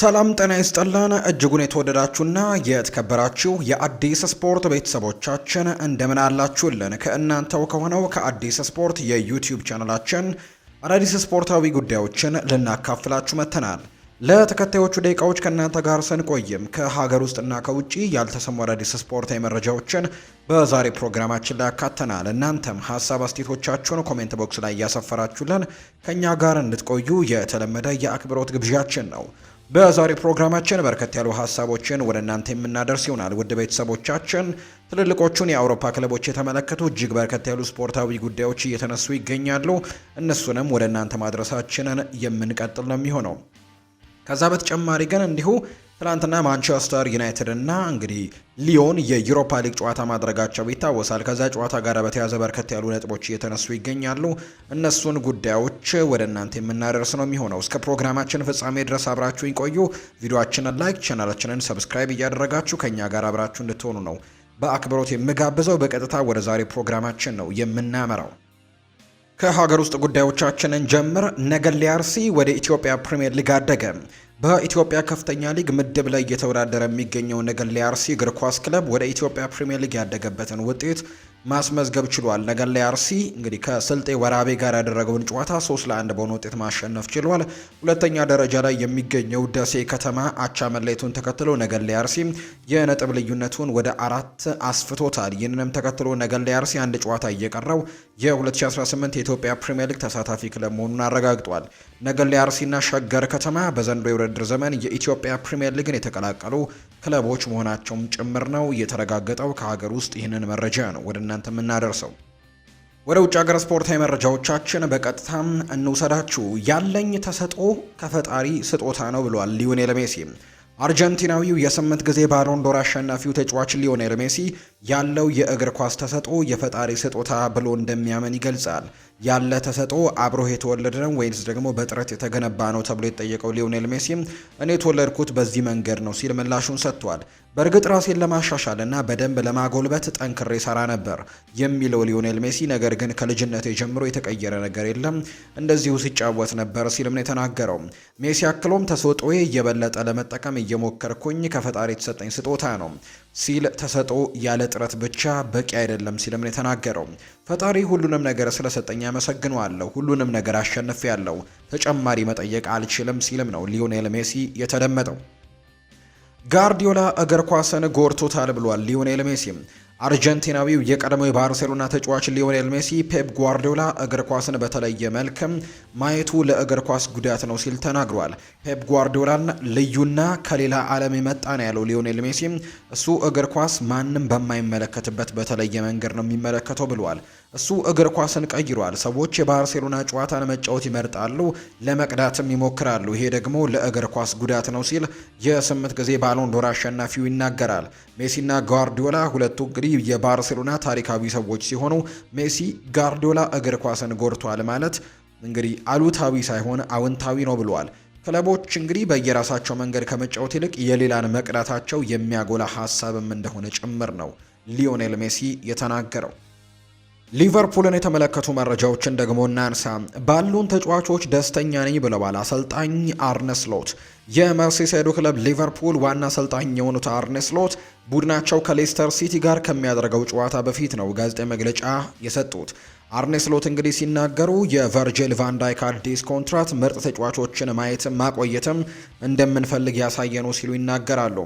ሰላም ጤና ይስጥልን እጅጉን የተወደዳችሁና የተከበራችሁ የአዲስ ስፖርት ቤተሰቦቻችን እንደምን አላችሁልን? ከእናንተው ከሆነው ከአዲስ ስፖርት የዩቲዩብ ቻናላችን አዳዲስ ስፖርታዊ ጉዳዮችን ልናካፍላችሁ መጥተናል። ለተከታዮቹ ደቂቃዎች ከእናንተ ጋር ስንቆይም ከሀገር ውስጥና ከውጭ ያልተሰሙ አዳዲስ ስፖርታዊ መረጃዎችን በዛሬ ፕሮግራማችን ላይ ያካተናል። እናንተም ሀሳብ አስቴቶቻችሁን ኮሜንት ቦክስ ላይ እያሰፈራችሁልን ከእኛ ጋር እንድትቆዩ የተለመደ የአክብሮት ግብዣችን ነው። በዛሬ ፕሮግራማችን በርከት ያሉ ሀሳቦችን ወደ እናንተ የምናደርስ ይሆናል። ውድ ቤተሰቦቻችን ትልልቆቹን የአውሮፓ ክለቦች የተመለከቱ እጅግ በርከት ያሉ ስፖርታዊ ጉዳዮች እየተነሱ ይገኛሉ። እነሱንም ወደ እናንተ ማድረሳችንን የምንቀጥል ነው የሚሆነው። ከዛ በተጨማሪ ግን እንዲሁ ትናንትና ማንቸስተር ዩናይትድ እና እንግዲህ ሊዮን የዩሮፓ ሊግ ጨዋታ ማድረጋቸው ይታወሳል። ከዛ ጨዋታ ጋር በተያያዘ በርከት ያሉ ነጥቦች እየተነሱ ይገኛሉ። እነሱን ጉዳዮች ወደ እናንተ የምናደርስ ነው የሚሆነው። እስከ ፕሮግራማችን ፍጻሜ ድረስ አብራችሁ ይቆዩ። ቪዲዮችንን ላይክ፣ ቻናላችንን ሰብስክራይብ እያደረጋችሁ ከእኛ ጋር አብራችሁ እንድትሆኑ ነው በአክብሮት የምጋብዘው። በቀጥታ ወደ ዛሬ ፕሮግራማችን ነው የምናመራው። ከሀገር ውስጥ ጉዳዮቻችንን ጀምር። ነገሌ አርሲ ወደ ኢትዮጵያ ፕሪምየር ሊግ አደገ። በኢትዮጵያ ከፍተኛ ሊግ ምድብ ላይ እየተወዳደረ የሚገኘው ነገሌ አርሲ እግር ኳስ ክለብ ወደ ኢትዮጵያ ፕሪምየር ሊግ ያደገበትን ውጤት ማስመዝገብ ችሏል። ላይ አርሲ እንግዲህ ከስልጤ ወራቤ ጋር ያደረገውን ጨዋታ ሶስት ለአንድ በሆነ ውጤት ማሸነፍ ችሏል። ሁለተኛ ደረጃ ላይ የሚገኘው ደሴ ከተማ አቻ መለየቱን ተከትሎ ላይ አርሲ የነጥብ ልዩነቱን ወደ አራት አስፍቶታል። ይህንንም ተከትሎ ላይ አርሲ አንድ ጨዋታ እየቀረው የ2018 የኢትዮጵያ ፕሪምየር ሊግ ተሳታፊ ክለብ መሆኑን አረጋግጧል። ነገሌ አርሲና ሸገር ከተማ በዘንድሮ የውድድር ዘመን የኢትዮጵያ ፕሪምየር ሊግን የተቀላቀሉ ክለቦች መሆናቸውም ጭምር ነው የተረጋገጠው። ከሀገር ውስጥ ይህንን መረጃ ነው ወደ እናንተ የምናደርሰው። ወደ ውጭ ሀገር ስፖርታዊ መረጃዎቻችን በቀጥታም እንውሰዳችሁ። ያለኝ ተሰጥኦ ከፈጣሪ ስጦታ ነው ብሏል ሊዮኔል ሜሲ። አርጀንቲናዊው የስምንት ጊዜ ባሎን ዶር አሸናፊው ተጫዋች ሊዮኔል ሜሲ ያለው የእግር ኳስ ተሰጥኦ የፈጣሪ ስጦታ ብሎ እንደሚያምን ይገልጻል። ያለ ተሰጥኦ አብሮ የተወለደ ነው ወይንስ ደግሞ በጥረት የተገነባ ነው ተብሎ የጠየቀው ሊዮኔል ሜሲ እኔ የተወለድኩት በዚህ መንገድ ነው ሲል ምላሹን ሰጥቷል። በእርግጥ ራሴን ለማሻሻል እና በደንብ ለማጎልበት ጠንክሬ ሰራ ነበር የሚለው ሊዮኔል ሜሲ፣ ነገር ግን ከልጅነት ጀምሮ የተቀየረ ነገር የለም እንደዚሁ ሲጫወት ነበር ሲልም ነው የተናገረው። ሜሲ አክሎም ተሰጥኦዬ እየበለጠ ለመጠቀም እየሞከርኩኝ ከፈጣሪ የተሰጠኝ ስጦታ ነው ሲል ተሰጦ ያለ ጥረት ብቻ በቂ አይደለም ሲልም ነው የተናገረው። ፈጣሪ ሁሉንም ነገር ስለሰጠኝ አመሰግነዋለሁ። ሁሉንም ነገር አሸንፌያለሁ። ተጨማሪ መጠየቅ አልችልም ሲልም ነው ሊዮኔል ሜሲ የተደመጠው። ጋርዲዮላ እግር ኳስን ጎርቶታል ብሏል ሊዮኔል ሜሲ። አርጀንቲናዊው የቀድሞው የባርሴሎና ተጫዋች ሊዮኔል ሜሲ ፔፕ ጓርዲዮላ እግር ኳስን በተለየ መልክም ማየቱ ለእግር ኳስ ጉዳት ነው ሲል ተናግሯል። ፔፕ ጓርዲዮላን ልዩና ከሌላ ዓለም የመጣ ነው ያለው ሊዮኔል ሜሲ እሱ እግር ኳስ ማንም በማይመለከትበት በተለየ መንገድ ነው የሚመለከተው ብሏል። እሱ እግር ኳስን ቀይሯል። ሰዎች የባርሴሎና ጨዋታን መጫወት ይመርጣሉ፣ ለመቅዳትም ይሞክራሉ። ይሄ ደግሞ ለእግር ኳስ ጉዳት ነው ሲል የስምንት ጊዜ ባሎን ዶር አሸናፊው ይናገራል። ሜሲና ጓርዲዮላ ሁለቱ እንግዲህ የባርሴሎና ታሪካዊ ሰዎች ሲሆኑ ሜሲ ጓርዲዮላ እግር ኳስን ጎድቷል ማለት እንግዲህ አሉታዊ ሳይሆን አውንታዊ ነው ብሏል። ክለቦች እንግዲህ በየራሳቸው መንገድ ከመጫወት ይልቅ የሌላን መቅዳታቸው የሚያጎላ ሀሳብም እንደሆነ ጭምር ነው ሊዮኔል ሜሲ የተናገረው። ሊቨርፑልን የተመለከቱ መረጃዎችን ደግሞ እናንሳ። ባሉን ተጫዋቾች ደስተኛ ነኝ ብለዋል አሰልጣኝ አርነስሎት። የመርሲሳይዱ ክለብ ሊቨርፑል ዋና አሰልጣኝ የሆኑት አርነስሎት ቡድናቸው ከሌስተር ሲቲ ጋር ከሚያደርገው ጨዋታ በፊት ነው ጋዜጣዊ መግለጫ የሰጡት። አርኔ ስሎት እንግዲህ ሲናገሩ የቨርጅል ቫንዳይክ አዲስ ኮንትራት ምርጥ ተጫዋቾችን ማየትም ማቆየትም እንደምንፈልግ ያሳየ ነው ሲሉ ይናገራሉ።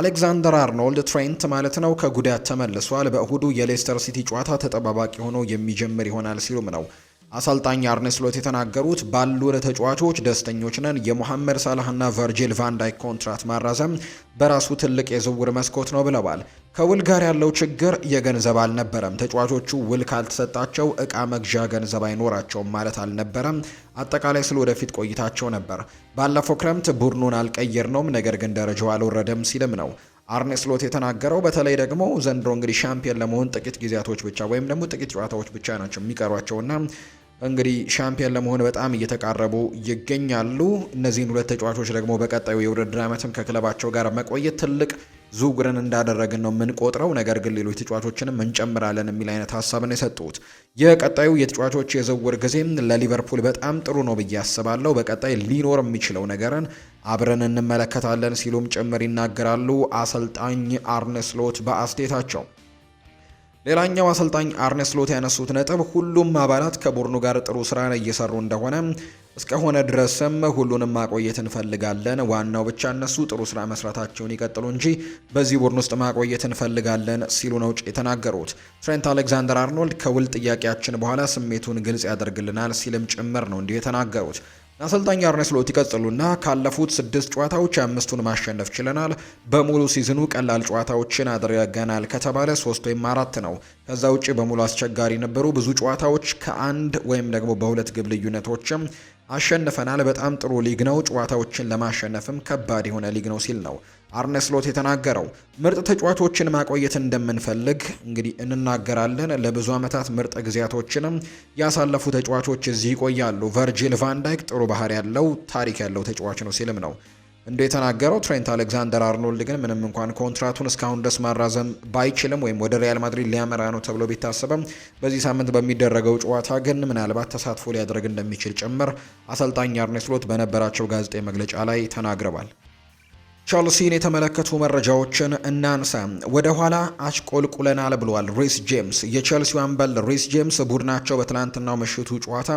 አሌክዛንደር አርኖልድ ትሬንት ማለት ነው ከጉዳት ተመልሷል። በእሁዱ የሌስተር ሲቲ ጨዋታ ተጠባባቂ ሆኖ የሚጀምር ይሆናል ሲሉም ነው አሰልጣኝ አርኔ ስሎት የተናገሩት ባሉ ተጫዋቾች ደስተኞች ነን። የሞሐመድ ሳላህና ቨርጅል ቫንዳይክ ኮንትራት ማራዘም በራሱ ትልቅ የዝውውር መስኮት ነው ብለዋል። ከውል ጋር ያለው ችግር የገንዘብ አልነበረም። ተጫዋቾቹ ውል ካልተሰጣቸው እቃ መግዣ ገንዘብ አይኖራቸውም ማለት አልነበረም። አጠቃላይ ስለ ወደፊት ቆይታቸው ነበር። ባለፈው ክረምት ቡድኑን አልቀየርነውም፣ ነገር ግን ደረጃው አልወረደም ሲልም ነው አርኔ ስሎት የተናገረው። በተለይ ደግሞ ዘንድሮ እንግዲህ ሻምፒየን ለመሆን ጥቂት ጊዜያቶች ብቻ ወይም ደግሞ ጥቂት ጨዋታዎች ብቻ ናቸው የሚቀሯቸውና እንግዲህ ሻምፒየን ለመሆን በጣም እየተቃረቡ ይገኛሉ። እነዚህን ሁለት ተጫዋቾች ደግሞ በቀጣዩ የውድድር ዓመትም ከክለባቸው ጋር መቆየት ትልቅ ዝውውርን እንዳደረግን ነው የምንቆጥረው፣ ነገር ግን ሌሎች ተጫዋቾችንም እንጨምራለን የሚል አይነት ሀሳብን የሰጡት የቀጣዩ የተጫዋቾች የዝውውር ጊዜም ለሊቨርፑል በጣም ጥሩ ነው ብዬ አስባለሁ። በቀጣይ ሊኖር የሚችለው ነገርን አብረን እንመለከታለን ሲሉም ጭምር ይናገራሉ አሰልጣኝ አርነስሎት ስሎት በአስቴታቸው። ሌላኛው አሰልጣኝ አርነስሎት ያነሱት ነጥብ ሁሉም አባላት ከቡድኑ ጋር ጥሩ ስራን እየሰሩ እንደሆነ እስከሆነ ድረስም ሁሉንም ማቆየት እንፈልጋለን። ዋናው ብቻ እነሱ ጥሩ ስራ መስራታቸውን ይቀጥሉ እንጂ በዚህ ቡድን ውስጥ ማቆየት እንፈልጋለን ሲሉ ነው የተናገሩት። ትሬንት አሌክዛንደር አርኖልድ ከውል ጥያቄያችን በኋላ ስሜቱን ግልጽ ያደርግልናል ሲልም ጭምር ነው እንዲሁ የተናገሩት። አሰልጣኝ አርነ ስሎት ይቀጥሉና ካለፉት ስድስት ጨዋታዎች አምስቱን ማሸነፍ ችለናል። በሙሉ ሲዝኑ ቀላል ጨዋታዎችን አድርገናል ከተባለ ሶስት ወይም አራት ነው። ከዛ ውጭ በሙሉ አስቸጋሪ ነበሩ። ብዙ ጨዋታዎች ከአንድ ወይም ደግሞ በሁለት ግብ ልዩነቶችም አሸንፈናል። በጣም ጥሩ ሊግ ነው። ጨዋታዎችን ለማሸነፍም ከባድ የሆነ ሊግ ነው ሲል ነው አርነስሎት የተናገረው። ምርጥ ተጫዋቾችን ማቆየት እንደምንፈልግ እንግዲህ እንናገራለን። ለብዙ ዓመታት ምርጥ ጊዜያቶችንም ያሳለፉ ተጫዋቾች እዚህ ይቆያሉ። ቨርጂል ቫንዳይክ ጥሩ ባህር ያለው ታሪክ ያለው ተጫዋች ነው ሲልም ነው እንደ የተናገረው ትሬንት አሌክዛንደር አርኖልድ ግን ምንም እንኳን ኮንትራቱን እስካሁን ድረስ ማራዘም ባይችልም ወይም ወደ ሪያል ማድሪድ ሊያመራ ነው ተብሎ ቢታሰበም በዚህ ሳምንት በሚደረገው ጨዋታ ግን ምናልባት ተሳትፎ ሊያደርግ እንደሚችል ጭምር አሰልጣኝ አርኔ ስሎት በነበራቸው ጋዜጣዊ መግለጫ ላይ ተናግረዋል። ቸልሲን የተመለከቱ መረጃዎችን እናንሳ። ወደ ኋላ አሽቆልቁለናል ብሏል ሪስ ጄምስ። የቸልሲው አምበል ሪስ ጄምስ ቡድናቸው በትናንትናው ምሽቱ ጨዋታ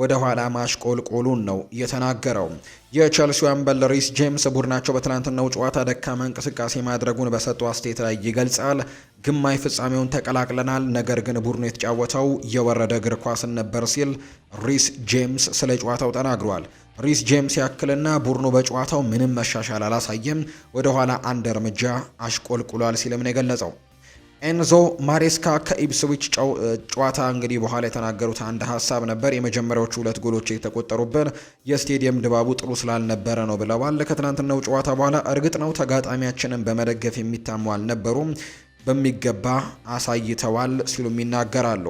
ወደ ኋላ ማሽቆልቆሉን ነው የተናገረው። የቸልሲው አምበል ሪስ ጄምስ ቡድናቸው በትላንትናው ጨዋታ ደካማ እንቅስቃሴ ማድረጉን በሰጡ አስተያየት ላይ ይገልጻል። ግማሽ ፍጻሜውን ተቀላቅለናል፣ ነገር ግን ቡድኑ የተጫወተው የወረደ እግር ኳስን ነበር ሲል ሪስ ጄምስ ስለ ጨዋታው ተናግሯል። ሪስ ጄምስ ያክልና ቡድኑ በጨዋታው ምንም መሻሻል አላሳየም፣ ወደ ኋላ አንድ እርምጃ አሽቆልቁሏል ሲልም ነው የገለጸው። ኤንዞ ማሬስካ ከኢፕስዊች ጨዋታ እንግዲህ በኋላ የተናገሩት አንድ ሀሳብ ነበር። የመጀመሪያዎቹ ሁለት ጎሎች የተቆጠሩበት የስቴዲየም ድባቡ ጥሩ ስላልነበረ ነው ብለዋል። ከትናንትናው ጨዋታ በኋላ እርግጥ ነው ተጋጣሚያችንን በመደገፍ የሚታሙ አልነበሩም በሚገባ አሳይተዋል ሲሉም ይናገራሉ።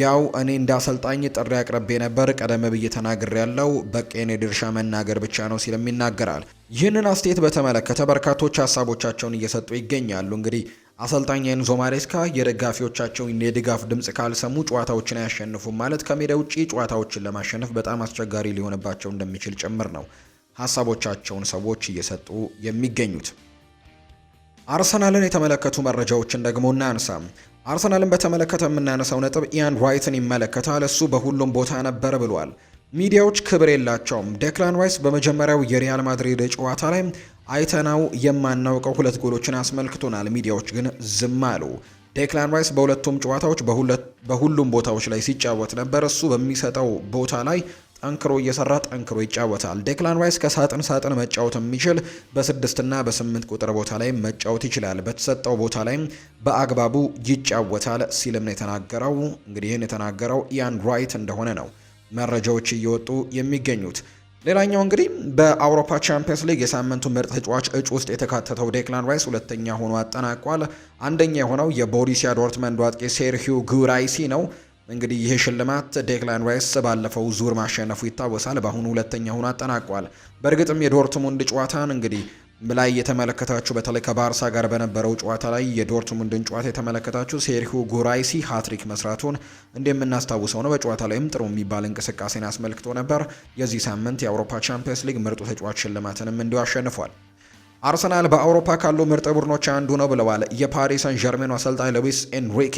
ያው እኔ እንደ አሰልጣኝ ጥሪ አቅርቤ ነበር፣ ቀደም ብዬ ተናግሬ ያለው በቄኔ ድርሻ መናገር ብቻ ነው ሲልም ይናገራል። ይህንን አስተያየት በተመለከተ በርካቶች ሀሳቦቻቸውን እየሰጡ ይገኛሉ። እንግዲህ አሰልጣኝ ኤንዞ ማሬስካ የደጋፊዎቻቸውን የድጋፍ ድምፅ ካልሰሙ ጨዋታዎችን አያሸንፉም ማለት ከሜዳ ውጪ ጨዋታዎችን ለማሸነፍ በጣም አስቸጋሪ ሊሆንባቸው እንደሚችል ጭምር ነው ሀሳቦቻቸውን ሰዎች እየሰጡ የሚገኙት። አርሰናልን የተመለከቱ መረጃዎችን ደግሞ እናንሳ። አርሰናልን በተመለከተ የምናነሳው ነጥብ ኢያን ራይትን ይመለከታል። እሱ በሁሉም ቦታ ነበር ብሏል። ሚዲያዎች ክብር የላቸውም። ደክላን ራይስ በመጀመሪያው የሪያል ማድሪድ ጨዋታ ላይ አይተናው የማናውቀው ሁለት ጎሎችን አስመልክቶናል። ሚዲያዎች ግን ዝም አሉ። ዴክላን ራይስ በሁለቱም ጨዋታዎች በሁሉም ቦታዎች ላይ ሲጫወት ነበር። እሱ በሚሰጠው ቦታ ላይ ጠንክሮ እየሰራ ጠንክሮ ይጫወታል። ዴክላን ራይስ ከሳጥን ሳጥን መጫወት የሚችል በስድስትና በስምንት ቁጥር ቦታ ላይ መጫወት ይችላል። በተሰጠው ቦታ ላይም በአግባቡ ይጫወታል ሲልም የተናገረው። እንግዲህ ይህን የተናገረው ኢያን ራይት እንደሆነ ነው መረጃዎች እየወጡ የሚገኙት። ሌላኛው እንግዲህ በአውሮፓ ቻምፒየንስ ሊግ የሳምንቱ ምርጥ ተጫዋች እጩ ውስጥ የተካተተው ዴክላን ራይስ ሁለተኛ ሆኖ አጠናቋል። አንደኛ የሆነው የቦሪሲያ ዶርትመንድ አጥቂ ሴርሂው ጉራይሲ ነው። እንግዲህ ይህ ሽልማት ዴክላን ራይስ ባለፈው ዙር ማሸነፉ ይታወሳል። በአሁኑ ሁለተኛ ሆኖ አጠናቋል። በእርግጥም የዶርትሙንድ ጨዋታን እንግዲህ ላይ የተመለከታችሁ በተለይ ከባርሳ ጋር በነበረው ጨዋታ ላይ የዶርትሙንድን ጨዋታ የተመለከታችሁ ሴርሂዮ ጉራይሲ ሃትሪክ መስራቱን እንደምናስታውሰው ነው። በጨዋታ ላይም ጥሩ የሚባል እንቅስቃሴን አስመልክቶ ነበር። የዚህ ሳምንት የአውሮፓ ቻምፒየንስ ሊግ ምርጡ ተጫዋች ሽልማትንም እንዲሁ አሸንፏል። አርሰናል በአውሮፓ ካሉ ምርጥ ቡድኖች አንዱ ነው ብለዋል የፓሪስ ሳን ዠርሜን አሰልጣኝ ሉዊስ ኤንሪኬ።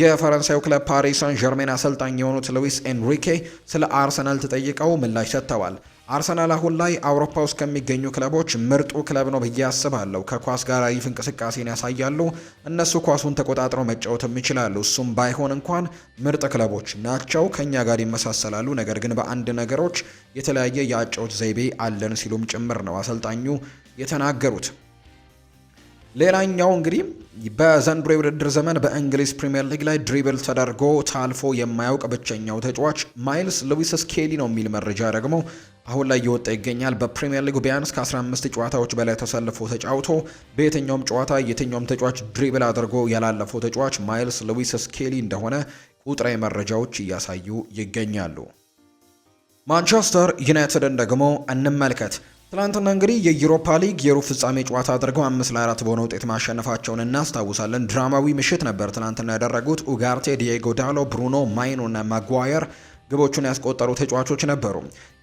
የፈረንሳዩ ክለብ ፓሪስ ሳን ዠርሜን አሰልጣኝ የሆኑት ሉዊስ ኤንሪኬ ስለ አርሰናል ተጠይቀው ምላሽ ሰጥተዋል። አርሰናል አሁን ላይ አውሮፓ ውስጥ ከሚገኙ ክለቦች ምርጡ ክለብ ነው ብዬ አስባለሁ። ከኳስ ጋር አሪፍ እንቅስቃሴን ያሳያሉ። እነሱ ኳሱን ተቆጣጥረው መጫወትም ይችላሉ። እሱም ባይሆን እንኳን ምርጥ ክለቦች ናቸው፣ ከኛ ጋር ይመሳሰላሉ። ነገር ግን በአንድ ነገሮች የተለያየ የአጫወት ዘይቤ አለን ሲሉም ጭምር ነው አሰልጣኙ የተናገሩት። ሌላኛው እንግዲህ በዘንድሮ የውድድር ዘመን በእንግሊዝ ፕሪምየር ሊግ ላይ ድሪብል ተደርጎ ታልፎ የማያውቅ ብቸኛው ተጫዋች ማይልስ ሉዊስ ስኬሊ ነው የሚል መረጃ ደግሞ አሁን ላይ እየወጣ ይገኛል። በፕሪምየር ሊጉ ቢያንስ ከ15 ጨዋታዎች በላይ ተሰልፎ ተጫውቶ በየትኛውም ጨዋታ የትኛውም ተጫዋች ድሪብል አድርጎ ያላለፈው ተጫዋች ማይልስ ሉዊስ ስኬሊ እንደሆነ ቁጥራዊ መረጃዎች እያሳዩ ይገኛሉ። ማንቸስተር ዩናይትድን ደግሞ እንመልከት። ትላንትና እንግዲህ የዩሮፓ ሊግ የሩብ ፍጻሜ ጨዋታ አድርገው አምስት ለአራት በሆነ ውጤት ማሸነፋቸውን እናስታውሳለን። ድራማዊ ምሽት ነበር ትላንትና ያደረጉት። ኡጋርቴ፣ ዲዬጎ ዳሎ፣ ብሩኖ ማይኖ እና ማጓየር ግቦቹን ያስቆጠሩ ተጫዋቾች ነበሩ።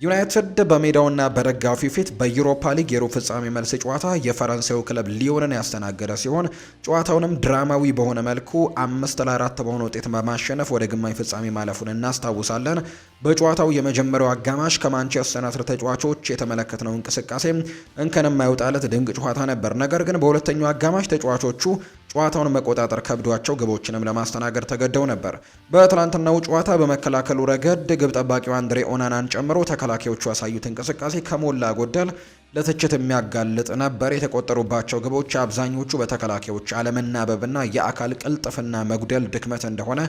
ዩናይትድ በሜዳውና በደጋፊው ፊት በዩሮፓ ሊግ የሩብ ፍጻሜ መልስ ጨዋታ የፈረንሳዩ ክለብ ሊዮንን ያስተናገደ ሲሆን ጨዋታውንም ድራማዊ በሆነ መልኩ አምስት ለአራት በሆነ ውጤት በማሸነፍ ወደ ግማኝ ፍጻሜ ማለፉን እናስታውሳለን። በጨዋታው የመጀመሪያው አጋማሽ ከማንቸስተር ዩናይትድ ተጫዋቾች የተመለከትነው እንቅስቃሴ እንከን የማይወጣለት ድንቅ ጨዋታ ነበር። ነገር ግን በሁለተኛው አጋማሽ ተጫዋቾቹ ጨዋታውን መቆጣጠር ከብዷቸው ግቦችንም ለማስተናገድ ተገደው ነበር። በትላንትናው ጨዋታ በመከላከሉ ረገድ ግብ ጠባቂው አንድሬ ኦናናን ጨምሮ ተከላካዮቹ ያሳዩት እንቅስቃሴ ከሞላ ጎደል ለትችት የሚያጋልጥ ነበር። የተቆጠሩባቸው ግቦች አብዛኞቹ በተከላካዮች አለመናበብና የአካል ቅልጥፍና መጉደል ድክመት እንደሆነ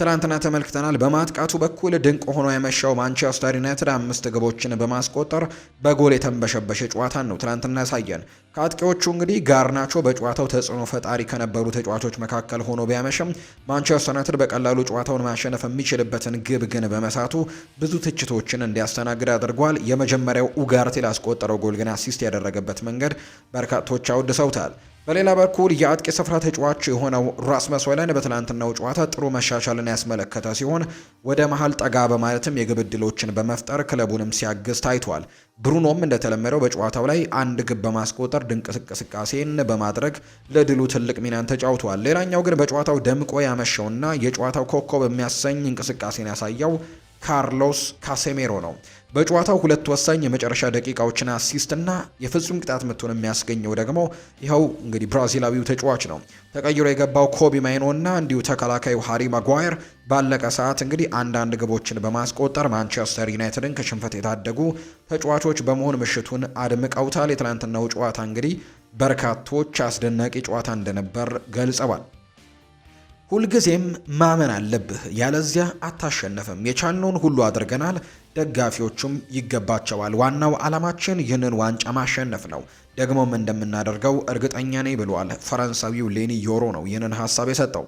ትላንትና ተመልክተናል። በማጥቃቱ በኩል ድንቅ ሆኖ የመሻው ማንቸስተር ዩናይትድ አምስት ግቦችን በማስቆጠር በጎል የተንበሸበሸ ጨዋታን ነው ትላንትና ያሳየን። ከአጥቂዎቹ እንግዲህ ጋርናቾ በጨዋታው ተጽዕኖ ፈጣሪ ከነበሩ ተጫዋቾች መካከል ሆኖ ቢያመሽም ማንቸስተር ዩናይትድ በቀላሉ ጨዋታውን ማሸነፍ የሚችልበትን ግብ ግን በመሳቱ ብዙ ትችቶችን እንዲያስተናግድ አድርጓል። የመጀመሪያው ኡጋርቴ ላስቆጠረው ጎል ግን አሲስት ያደረገበት መንገድ በርካቶች አውድሰውታል። በሌላ በኩል የአጥቂ ስፍራ ተጫዋች የሆነው ራስመስ ሆይሉንድ በትላንትናው ጨዋታ ጥሩ መሻሻልን ያስመለከተ ሲሆን ወደ መሀል ጠጋ በማለትም የግብ ዕድሎችን በመፍጠር ክለቡንም ሲያግዝ ታይቷል። ብሩኖም እንደተለመደው በጨዋታው ላይ አንድ ግብ በማስቆጠር ድንቅ እንቅስቃሴን በማድረግ ለድሉ ትልቅ ሚናን ተጫውቷል። ሌላኛው ግን በጨዋታው ደምቆ ያመሸውና የጨዋታው ኮከብ የሚያሰኝ እንቅስቃሴን ያሳየው ካርሎስ ካሴሜሮ ነው። በጨዋታው ሁለት ወሳኝ የመጨረሻ ደቂቃዎችን አሲስት እና የፍጹም ቅጣት ምቱን የሚያስገኘው ደግሞ ይኸው እንግዲህ ብራዚላዊው ተጫዋች ነው። ተቀይሮ የገባው ኮቢ ማይኖ እና እንዲሁ ተከላካዩ ሃሪ ማጓየር ባለቀ ሰዓት እንግዲህ አንዳንድ ግቦችን በማስቆጠር ማንቸስተር ዩናይትድን ከሽንፈት የታደጉ ተጫዋቾች በመሆን ምሽቱን አድምቀውታል። የትናንትናው ጨዋታ እንግዲህ በርካቶች አስደናቂ ጨዋታ እንደነበር ገልጸዋል። ሁልጊዜም ማመን አለብህ፣ ያለዚያ አታሸነፍም። የቻልነውን ሁሉ አድርገናል ደጋፊዎቹም ይገባቸዋል። ዋናው ዓላማችን ይህንን ዋንጫ ማሸነፍ ነው፣ ደግሞም እንደምናደርገው እርግጠኛ ነኝ ብሏል። ፈረንሳዊው ሌኒ ዮሮ ነው ይህንን ሀሳብ የሰጠው።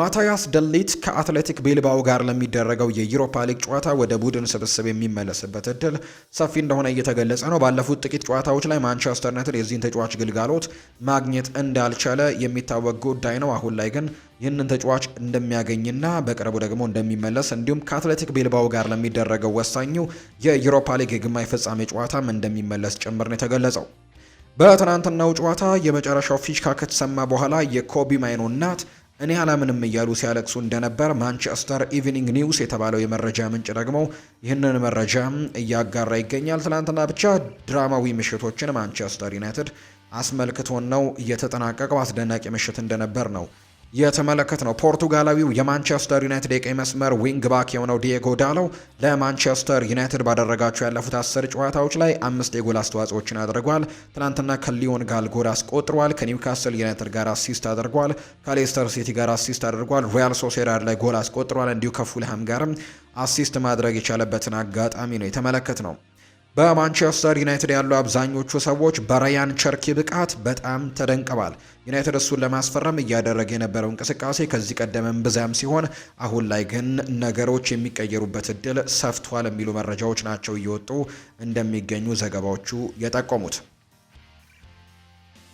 ማታያስ ደሊት ከአትሌቲክ ቤልባው ጋር ለሚደረገው የዩሮፓ ሊግ ጨዋታ ወደ ቡድን ስብስብ የሚመለስበት እድል ሰፊ እንደሆነ እየተገለጸ ነው። ባለፉት ጥቂት ጨዋታዎች ላይ ማንቸስተር ዩናይትድ የዚህን ተጫዋች ግልጋሎት ማግኘት እንዳልቻለ የሚታወቅ ጉዳይ ነው። አሁን ላይ ግን ይህንን ተጫዋች እንደሚያገኝና በቅርቡ ደግሞ እንደሚመለስ እንዲሁም ከአትሌቲክ ቤልባው ጋር ለሚደረገው ወሳኙ የዩሮፓ ሊግ የግማሽ ፍጻሜ ጨዋታም እንደሚመለስ ጭምር ነው የተገለጸው። በትናንትናው ጨዋታ የመጨረሻው ፊሽካ ከተሰማ በኋላ የኮቢ ማይኖ እናት እኔ አላምንም እያሉ ሲያለቅሱ እንደነበር ማንቸስተር ኢቪኒንግ ኒውስ የተባለው የመረጃ ምንጭ ደግሞ ይህንን መረጃ እያጋራ ይገኛል። ትናንትና ብቻ ድራማዊ ምሽቶችን ማንቸስተር ዩናይትድ አስመልክቶን ነው እየተጠናቀቀው። አስደናቂ ምሽት እንደነበር ነው የተመለከት ነው። ፖርቱጋላዊው የማንቸስተር ዩናይትድ የቀኝ መስመር ዊንግ ባክ የሆነው ዲየጎ ዳለው ለማንቸስተር ዩናይትድ ባደረጋቸው ያለፉት አስር ጨዋታዎች ላይ አምስት የጎል አስተዋጽኦችን አድርጓል። ትናንትና ከሊዮን ጋር ጎል አስቆጥሯል። ከኒውካስል ዩናይትድ ጋር አሲስት አድርጓል። ከሌስተር ሲቲ ጋር አሲስት አድርጓል። ሪያል ሶሴዳድ ላይ ጎል አስቆጥሯል። እንዲሁ ከፉልሃም ጋርም አሲስት ማድረግ የቻለበትን አጋጣሚ ነው የተመለከት ነው። በማንቸስተር ዩናይትድ ያሉ አብዛኞቹ ሰዎች በራያን ቸርኪ ብቃት በጣም ተደንቀዋል። ዩናይትድ እሱን ለማስፈረም እያደረገ የነበረው እንቅስቃሴ ከዚህ ቀደምም ብዛም ሲሆን፣ አሁን ላይ ግን ነገሮች የሚቀየሩበት እድል ሰፍቷል የሚሉ መረጃዎች ናቸው እየወጡ እንደሚገኙ ዘገባዎቹ የጠቆሙት።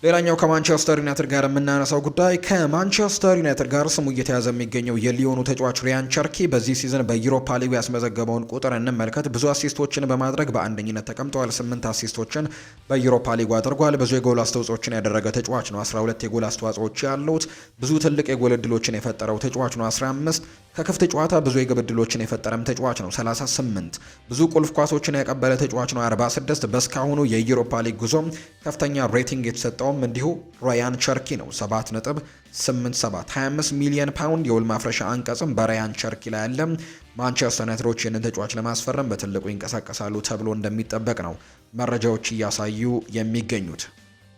ሌላኛው ከማንቸስተር ዩናይትድ ጋር የምናነሳው ጉዳይ ከማንቸስተር ዩናይትድ ጋር ስሙ እየተያዘ የሚገኘው የሊዮኑ ተጫዋች ሪያን ቸርኪ በዚህ ሲዝን በዩሮፓ ሊግ ያስመዘገበውን ቁጥር እንመልከት። ብዙ አሲስቶችን በማድረግ በአንደኝነት ተቀምጠዋል። ስምንት አሲስቶችን በዩሮፓ ሊጉ አድርጓል። ብዙ የጎል አስተዋጽኦችን ያደረገ ተጫዋች ነው። 12 የጎል አስተዋጽኦዎች ያሉት ብዙ ትልቅ የጎል እድሎችን የፈጠረው ተጫዋች ነው። 15 ከክፍት ጨዋታ ብዙ የግብ እድሎችን የፈጠረም ተጫዋች ነው። 38 ብዙ ቁልፍ ኳሶችን ያቀበለ ተጫዋች ነው። 46 በእስካሁኑ የዩሮፓ ሊግ ጉዞም ከፍተኛ ሬቲንግ የተሰጠው ያወጣውም እንዲሁ ራያን ቸርኪ ነው 7 ነጥብ 87 25 ሚሊዮን ፓውንድ የውል ማፍረሻ አንቀጽም በራያን ቸርኪ ላይ አለ። ማንቸስተር ዩናይትዶች ይህንን ተጫዋች ለማስፈረም በትልቁ ይንቀሳቀሳሉ ተብሎ እንደሚጠበቅ ነው መረጃዎች እያሳዩ የሚገኙት።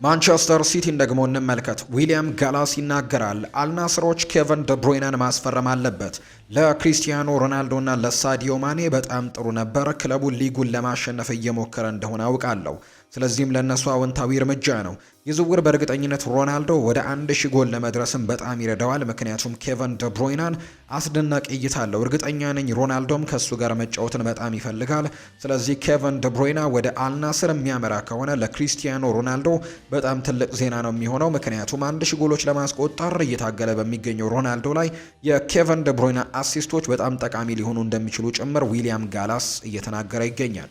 ማንቸስተር ሲቲን ደግሞ እንመልከት። ዊሊያም ጋላስ ይናገራል። አልናስሮች ኬቨን ደብሮይነን ማስፈረም አለበት። ለክሪስቲያኖ ሮናልዶና ለሳዲዮ ማኔ በጣም ጥሩ ነበር። ክለቡ ሊጉን ለማሸነፍ እየሞከረ እንደሆነ አውቃለሁ። ስለዚህም ለእነሱ አዎንታዊ እርምጃ ነው። የዝውውር በእርግጠኝነት ሮናልዶ ወደ አንድ ሺ ጎል ለመድረስም በጣም ይረዳዋል። ምክንያቱም ኬቨን ደብሮይናን አስደናቂ እይታ አለው። እርግጠኛ ነኝ ሮናልዶም ከእሱ ጋር መጫወትን በጣም ይፈልጋል። ስለዚህ ኬቨን ደብሮይና ወደ አልናስር የሚያመራ ከሆነ ለክሪስቲያኖ ሮናልዶ በጣም ትልቅ ዜና ነው የሚሆነው። ምክንያቱም አንድ ሺ ጎሎች ለማስቆጠር እየታገለ በሚገኘው ሮናልዶ ላይ የኬቨን ደብሮይና አሲስቶች በጣም ጠቃሚ ሊሆኑ እንደሚችሉ ጭምር ዊሊያም ጋላስ እየተናገረ ይገኛል።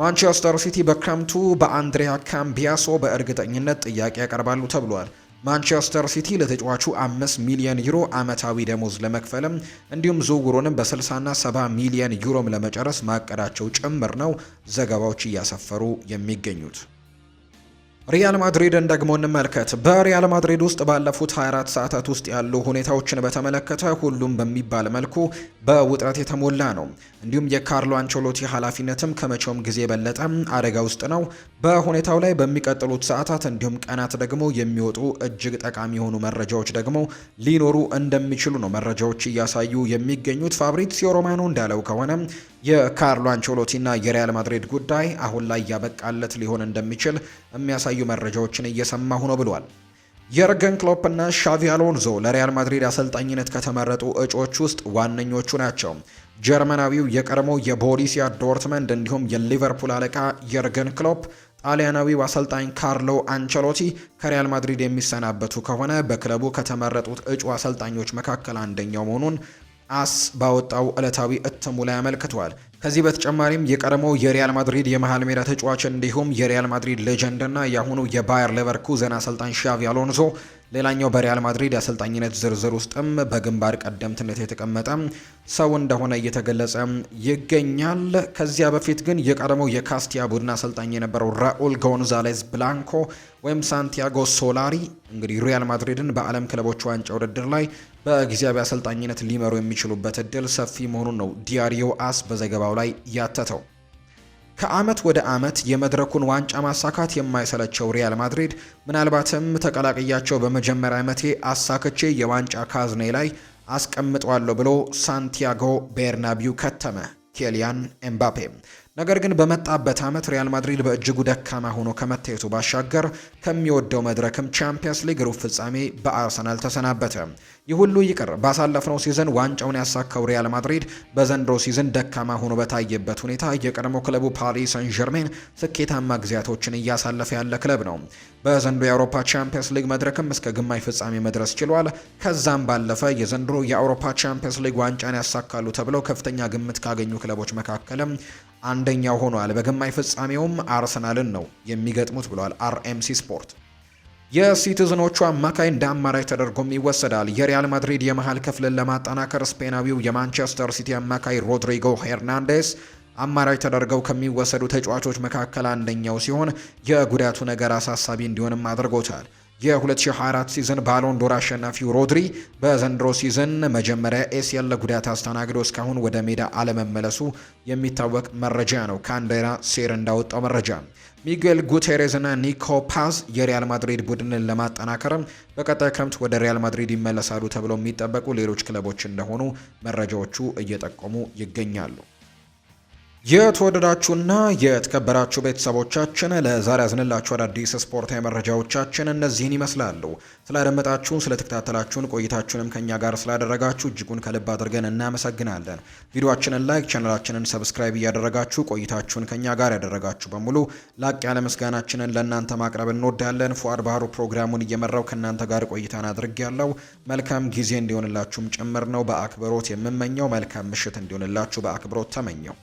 ማንቸስተር ሲቲ በክረምቱ በአንድሪያ ካምቢያሶ በእርግጠኝነት ጥያቄ ያቀርባሉ ተብሏል። ማንቸስተር ሲቲ ለተጫዋቹ አምስት ሚሊዮን ዩሮ አመታዊ ደሞዝ ለመክፈልም እንዲሁም ዝውውሩንም በ60ና 70 ሚሊዮን ዩሮም ለመጨረስ ማቀዳቸው ጭምር ነው ዘገባዎች እያሰፈሩ የሚገኙት። ሪያል ማድሪድን ደግሞ እንመልከት። በሪያል ማድሪድ ውስጥ ባለፉት 24 ሰዓታት ውስጥ ያሉ ሁኔታዎችን በተመለከተ ሁሉም በሚባል መልኩ በውጥረት የተሞላ ነው። እንዲሁም የካርሎ አንቸሎቲ ኃላፊነትም ከመቼውም ጊዜ የበለጠ አደጋ ውስጥ ነው። በሁኔታው ላይ በሚቀጥሉት ሰዓታት እንዲሁም ቀናት ደግሞ የሚወጡ እጅግ ጠቃሚ የሆኑ መረጃዎች ደግሞ ሊኖሩ እንደሚችሉ ነው መረጃዎች እያሳዩ የሚገኙት። ፋብሪዚዮ ሮማኖ እንዳለው ከሆነ የካርሎ አንቸሎቲና የሪያል ማድሪድ ጉዳይ አሁን ላይ ያበቃለት ሊሆን እንደሚችል የሚያሳዩ መረጃዎችን እየሰማሁ ነው ብሏል። የርገን ክሎፕ እና ሻቪ አሎንዞ ለሪያል ማድሪድ አሰልጣኝነት ከተመረጡ እጩዎች ውስጥ ዋነኞቹ ናቸው። ጀርመናዊው የቀድሞ የቦሪሲያ ዶርትመንድ እንዲሁም የሊቨርፑል አለቃ የርገን ክሎፕ ጣሊያናዊው አሰልጣኝ ካርሎ አንቸሎቲ ከሪያል ማድሪድ የሚሰናበቱ ከሆነ በክለቡ ከተመረጡት እጩ አሰልጣኞች መካከል አንደኛው መሆኑን አስ ባወጣው ዕለታዊ እትሙ ላይ አመልክቷል። ከዚህ በተጨማሪም የቀድሞው የሪያል ማድሪድ የመሃል ሜዳ ተጫዋች እንዲሁም የሪያል ማድሪድ ሌጀንድ እና የአሁኑ የባየር ሌቨርኩዘን አሰልጣኝ ሻቪ አሎንሶ ሌላኛው በሪያል ማድሪድ የአሰልጣኝነት ዝርዝር ውስጥም በግንባር ቀደምትነት የተቀመጠ ሰው እንደሆነ እየተገለጸ ይገኛል። ከዚያ በፊት ግን የቀድሞው የካስቲያ ቡድን አሰልጣኝ የነበረው ራኡል ጎንዛሌዝ ብላንኮ ወይም ሳንቲያጎ ሶላሪ እንግዲህ ሪያል ማድሪድን በዓለም ክለቦች ዋንጫ ውድድር ላይ በጊዜያዊ አሰልጣኝነት ሊመሩ የሚችሉበት እድል ሰፊ መሆኑን ነው ዲያሪዮ አስ በዘገባው ላይ ያተተው። ከአመት ወደ አመት የመድረኩን ዋንጫ ማሳካት የማይሰለቸው ሪያል ማድሪድ ምናልባትም ተቀላቅያቸው በመጀመሪያ ዓመቴ አሳክቼ የዋንጫ ካዝኔ ላይ አስቀምጧለሁ ብሎ ሳንቲያጎ ቤርናቢው ከተመ ኬልያን ኤምባፔ ነገር ግን በመጣበት ዓመት ሪያል ማድሪድ በእጅጉ ደካማ ሆኖ ከመታየቱ ባሻገር ከሚወደው መድረክም ቻምፒየንስ ሊግ ሩብ ፍጻሜ በአርሰናል ተሰናበተ። ይህ ሁሉ ይቅር፣ ባሳለፍነው ሲዝን ዋንጫውን ያሳካው ሪያል ማድሪድ በዘንድሮ ሲዝን ደካማ ሆኖ በታየበት ሁኔታ የቀድሞ ክለቡ ፓሪስ ሰን ዠርሜን ስኬታማ ጊዜያቶችን እያሳለፈ ያለ ክለብ ነው። በዘንድሮ የአውሮፓ ቻምፒየንስ ሊግ መድረክም እስከ ግማሽ ፍጻሜ መድረስ ችሏል። ከዛም ባለፈ የዘንድሮ የአውሮፓ ቻምፒየንስ ሊግ ዋንጫን ያሳካሉ ተብለው ከፍተኛ ግምት ካገኙ ክለቦች መካከልም አንደኛው ሆኗል። በግማሽ ፍጻሜውም አርሰናልን ነው የሚገጥሙት ብሏል አርኤምሲ ስፖርት። የሲቲዝኖቹ አማካይ እንደ አማራጭ ተደርጎም ይወሰዳል። የሪያል ማድሪድ የመሃል ክፍልን ለማጠናከር ስፔናዊው የማንቸስተር ሲቲ አማካይ ሮድሪጎ ሄርናንዴስ አማራጭ ተደርገው ከሚወሰዱ ተጫዋቾች መካከል አንደኛው ሲሆን የጉዳቱ ነገር አሳሳቢ እንዲሆንም አድርጎታል። የ2024 ሲዝን ባሎን ዶር አሸናፊው ሮድሪ በዘንድሮ ሲዝን መጀመሪያ ኤሲኤል ጉዳት አስተናግዶ እስካሁን ወደ ሜዳ አለመመለሱ የሚታወቅ መረጃ ነው። ካንዴራ ሴር እንዳወጣው መረጃ ሚጌል ጉቴሬዝ እና ኒኮ ፓዝ የሪያል ማድሪድ ቡድንን ለማጠናከርም በቀጣይ ክረምት ወደ ሪያል ማድሪድ ይመለሳሉ ተብለው የሚጠበቁ ሌሎች ክለቦች እንደሆኑ መረጃዎቹ እየጠቆሙ ይገኛሉ። የተወደዳችሁና የተከበራችሁ ቤተሰቦቻችን ለዛሬ ያዝንላችሁ አዳዲስ ስፖርታዊ መረጃዎቻችን እነዚህን ይመስላሉ። ስላደመጣችሁን፣ ስለተከታተላችሁን ቆይታችሁንም ከኛ ጋር ስላደረጋችሁ እጅጉን ከልብ አድርገን እናመሰግናለን። ቪዲዮችንን ላይክ፣ ቻናላችንን ሰብስክራይብ እያደረጋችሁ ቆይታችሁን ከኛ ጋር ያደረጋችሁ በሙሉ ላቅ ያለ ምስጋናችንን ለእናንተ ማቅረብ እንወዳለን። ፉአድ ባህሩ ፕሮግራሙን እየመራው ከእናንተ ጋር ቆይታን አድርግ ያለው መልካም ጊዜ እንዲሆንላችሁም ጭምር ነው በአክብሮት የምመኘው። መልካም ምሽት እንዲሆንላችሁ በአክብሮት ተመኘው።